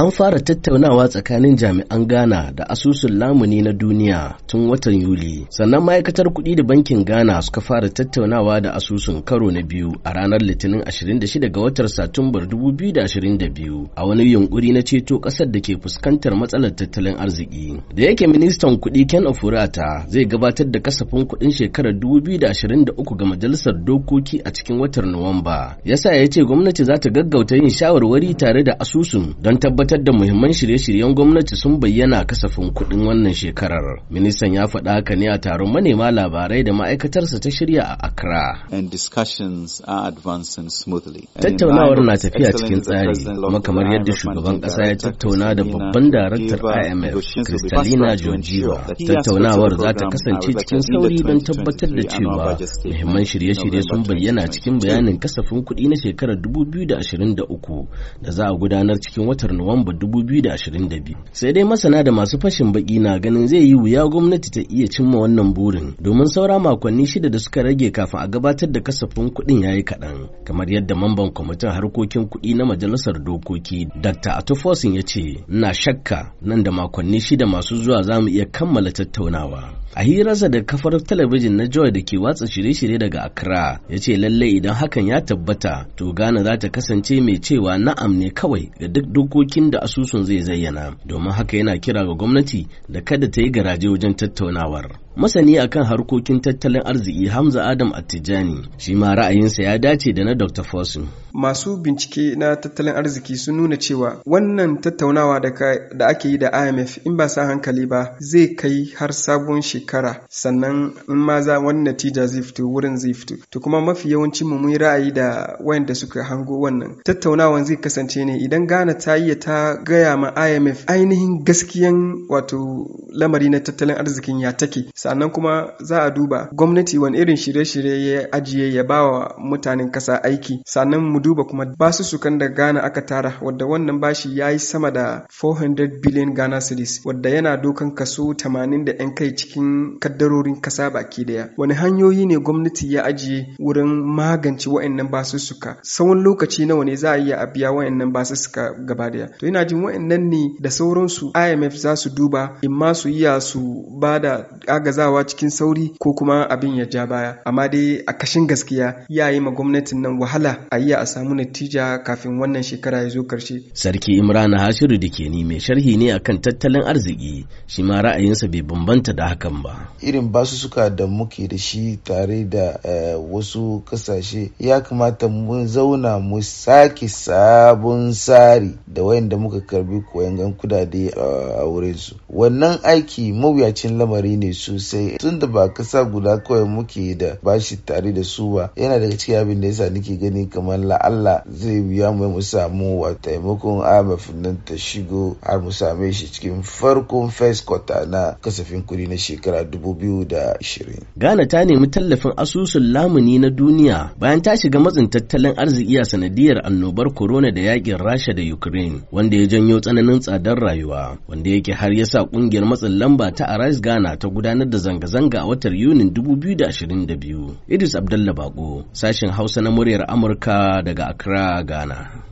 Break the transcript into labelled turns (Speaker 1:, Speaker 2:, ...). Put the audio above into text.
Speaker 1: An fara tattaunawa tsakanin jami'an Ghana da asusun lamuni na duniya tun watan Yuli. Sannan ma'aikatar kuɗi da bankin Ghana suka fara tattaunawa da asusun karo na biyu a ranar Litinin 26 ga watan Satumbar 2022 a wani yunkuri na ceto ƙasar da ke fuskantar matsalar tattalin arziki. Da yake ministan kuɗi Ken Ofurata zai gabatar da kasafin kuɗin shekarar 2023 ga majalisar dokoki a cikin watan Nuwamba. Yasa ya ce gwamnati za ta gaggauta yin shawarwari tare da asusun don tabbatar tabbatar da muhimman shirye-shiryen gwamnati sun bayyana kasafin kuɗin wannan shekarar. Ministan ya faɗa haka ne a taron manema labarai da ma'aikatarsa ta shirya a Accra. Tattaunawar na tafiya cikin tsari, kuma kamar yadda shugaban ƙasa ya tattauna da babban daraktar IMF, Kristalina Georgieva. Tattaunawar za ta kasance cikin sauri don tabbatar da cewa muhimman shirye-shirye sun bayyana cikin bayanin kasafin kuɗi na shekarar 2023 da za a gudanar cikin watan Nuwamba. Nuwamba 2022. Sai dai masana da masu fashin baki na ganin zai yi wuya gwamnati ta iya cimma wannan burin domin saura makonni shida da suka rage kafin a gabatar da kasafin kuɗin ya yi kaɗan. Kamar yadda mamban kwamitin harkokin kuɗi na majalisar dokoki Dr. Atufosin ya ce, "Na shakka nan da makonni shida masu zuwa za mu iya kammala tattaunawa." A hirarsa da kafar talabijin na Joy da ke watsa shirye-shirye daga Accra ya ce lallai idan hakan ya tabbata to Ghana za ta kasance mai cewa na'am ne kawai ga duk dokokin matakin da asusun zai zayyana domin haka yana kira ga gwamnati da kada ta yi garaje wajen tattaunawar masani akan harkokin tattalin arziki hamza adam attijani shi ma ra'ayinsa ya dace da na dr fosin
Speaker 2: masu bincike na tattalin arziki sun nuna cewa wannan tattaunawa da ake yi da imf in ba sa hankali ba zai kai har sabon shekara sannan in ma za wani natija zai fito wurin zai fito to kuma mafi yawancin mu mun ra'ayi da wayanda suka hango wannan tattaunawan zai kasance ne idan Gana ta yi ta gaya ma IMF ainihin gaskiyan wato lamari na tattalin arzikin ya take sannan kuma za a duba gwamnati wani irin shirye-shirye ya ajiye ya bawa mutanen kasa aiki sannan mu duba kuma basussukan da Gana aka tara wadda wannan bashi ya yi sama da 400 billion Ghana cedis wadda yana dokan kaso 80 da 'yan kai cikin kaddarorin kasa baki daya. Wani hanyoyi ne gwamnati ya ajiye wurin magance wa'annan basussuka? Sawon lokaci nawa ne za a iya a biya wa'annan basussuka gaba daya? To ina jin wa'annan ne da sauransu IMF za su duba in ma su iya su ba da agazawa cikin sauri ko kuma abin ya ja baya. Amma dai a kashin gaskiya ya yi ma gwamnatin nan wahala a iya a samu natija kafin wannan shekara ya zo karshe.
Speaker 1: Sarki Imran Hashiru da ke ni mai sharhi ne akan tattalin arziki shi ma ra'ayinsa bai bambanta da hakan ba.
Speaker 3: Irin basussuka da muke da shi tare da eh, wasu kasashe ya kamata mu zauna mu sake sabon tsari da wayanda muka karbi koyan kudade a wurin su. Wannan aiki mawuyacin lamari ne sosai tunda ba kasa guda kawai muke da bashi tare da su ba yana daga cikin abin da yasa nake gani kamar la Allah zai biya mu mu samu wa taimakon IMF nan ta shigo har mu same shi cikin farkon first quarter na kasafin kuɗi na shekara 2020.
Speaker 1: Ghana ta nemi tallafin asusun lamuni na duniya bayan ta shiga matsin tattalin arziki a sanadiyar annobar corona da yakin Rasha da Ukraine wanda ya janyo tsananin tsadar rayuwa wanda yake har ya sa kungiyar matsin lamba ta Arise Ghana ta gudanar da zanga-zanga a watan Yunin 2022. Idris Abdallah Bako, sashen Hausa na muryar Amurka da daga Accra, Ghana.